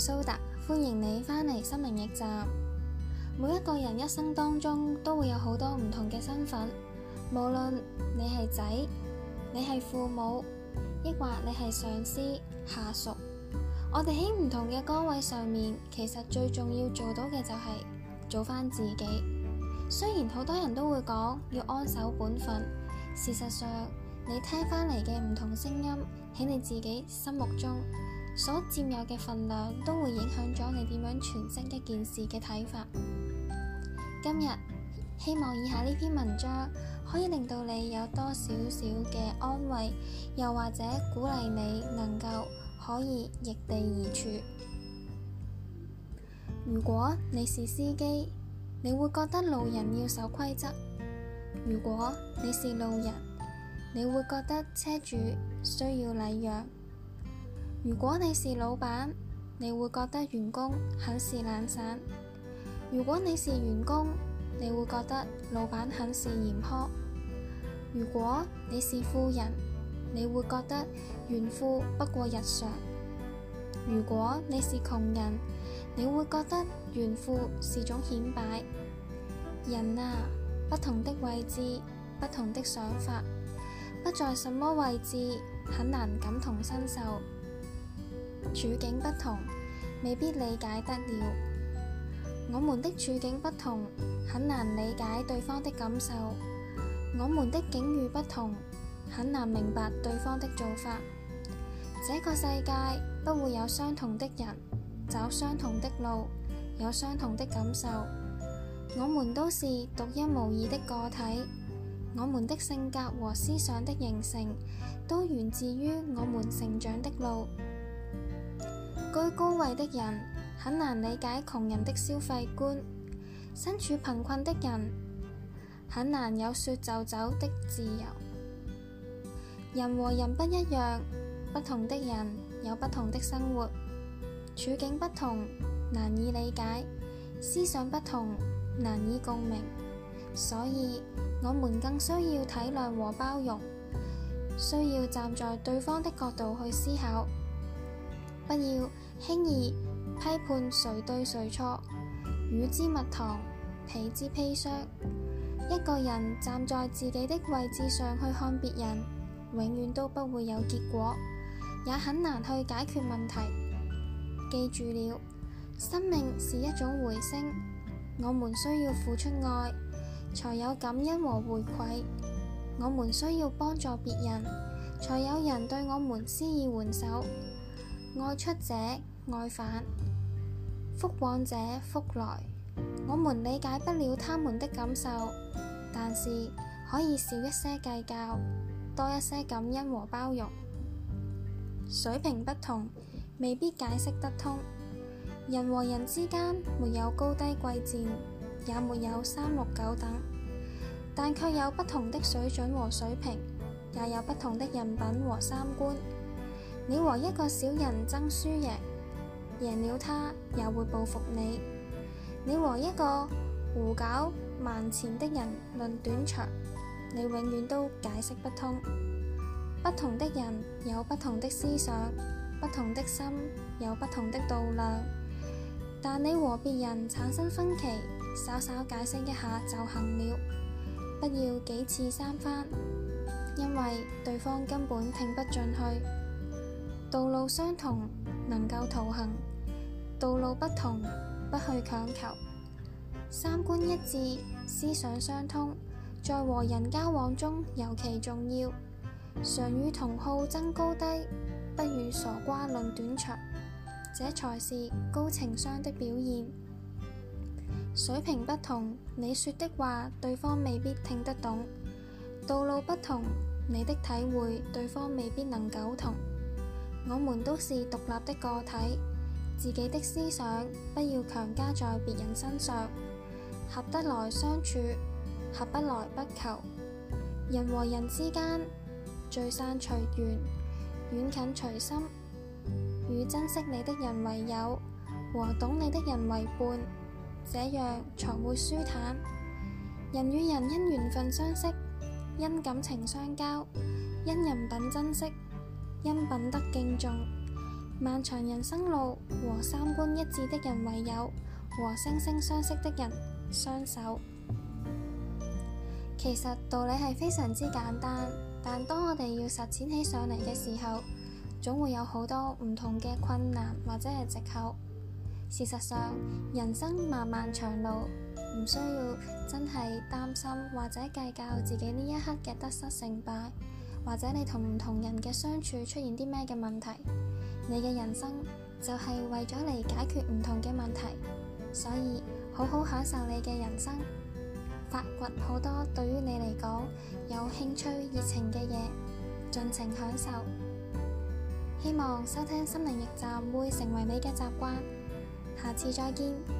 蘇達、so、歡迎你返嚟心靈驛站。每一個人一生當中都會有好多唔同嘅身份，無論你係仔，你係父母，抑或你係上司、下屬。我哋喺唔同嘅崗位上面，其實最重要做到嘅就係、是、做翻自己。雖然好多人都會講要安守本分，事實上你聽返嚟嘅唔同聲音喺你自己心目中。所佔有嘅份量都會影響咗你點樣詮釋一件事嘅睇法。今日希望以下呢篇文章可以令到你有多少少嘅安慰，又或者鼓勵你能夠可以易地而處。如果你是司機，你會覺得路人要守規則；如果你是路人，你會覺得車主需要禮讓。如果你是老闆，你會覺得員工很是懶散；如果你是員工，你會覺得老闆很是嚴苛；如果你是富人，你會覺得炫富不過日常；如果你是窮人，你會覺得炫富是種顯擺。人啊，不同的位置，不同的想法，不在什麼位置，很難感同身受。處境不同，未必理解得了。我們的處境不同，很難理解對方的感受；我們的境遇不同，很難明白對方的做法。這個世界不會有相同的人，走相同的路，有相同的感受。我們都是獨一無二的個體，我們的性格和思想的形成，都源自於我們成長的路。居高位的人很難理解窮人的消費觀，身處貧困的人很難有說走就走的自由。人和人不一樣，不同的人有不同的生活，處境不同難以理解，思想不同難以共鳴，所以我們更需要體諒和包容，需要站在對方的角度去思考。不要輕易批判誰對誰錯，汝之蜜糖，彼之砒霜。一個人站在自己的位置上去看別人，永遠都不會有結果，也很難去解決問題。記住了，生命是一種回聲，我們需要付出愛，才有感恩和回饋。我們需要幫助別人，才有人對我們施以援手。愛出者愛返，福往者福來。我們理解不了他們的感受，但是可以少一些計較，多一些感恩和包容。水平不同，未必解釋得通。人和人之間沒有高低貴賤，也沒有三六九等，但卻有不同的水準和水平，也有不同的人品和三觀。你和一個小人爭輸贏，贏了他也會報復你。你和一個胡攪蠻纏的人論短長，你永遠都解釋不通。不同的人有不同的思想，不同的心有不同的度量。但你和別人產生分歧，稍稍解釋一下就行了，不要幾次三番，因為對方根本聽不進去。道路相同，能夠同行；道路不同，不去強求。三觀一致，思想相通，在和人交往中尤其重要。常與同好爭高低，不與傻瓜論短長，這才是高情商的表現。水平不同，你說的話對方未必聽得懂；道路不同，你的體會對方未必能苟同。我們都是獨立的個體，自己的思想不要強加在別人身上，合得來相處，合不來不求。人和人之間，聚散隨緣，遠近隨心，與珍惜你的人為友，和懂你的人為伴，這樣才會舒坦。人與人因緣分相識，因感情相交，因人品珍惜。因品德敬重，漫長人生路，和三觀一致的人為友，和惺惺相惜的人相守。其實道理係非常之簡單，但當我哋要實踐起上嚟嘅時候，總會有好多唔同嘅困難或者係藉口。事實上，人生漫漫長路，唔需要真係擔心或者計較自己呢一刻嘅得失成敗。或者你同唔同人嘅相處出現啲咩嘅問題？你嘅人生就係為咗嚟解決唔同嘅問題，所以好好享受你嘅人生，發掘好多對於你嚟講有興趣、熱情嘅嘢，盡情享受。希望收聽心靈驛站會成為你嘅習慣，下次再見。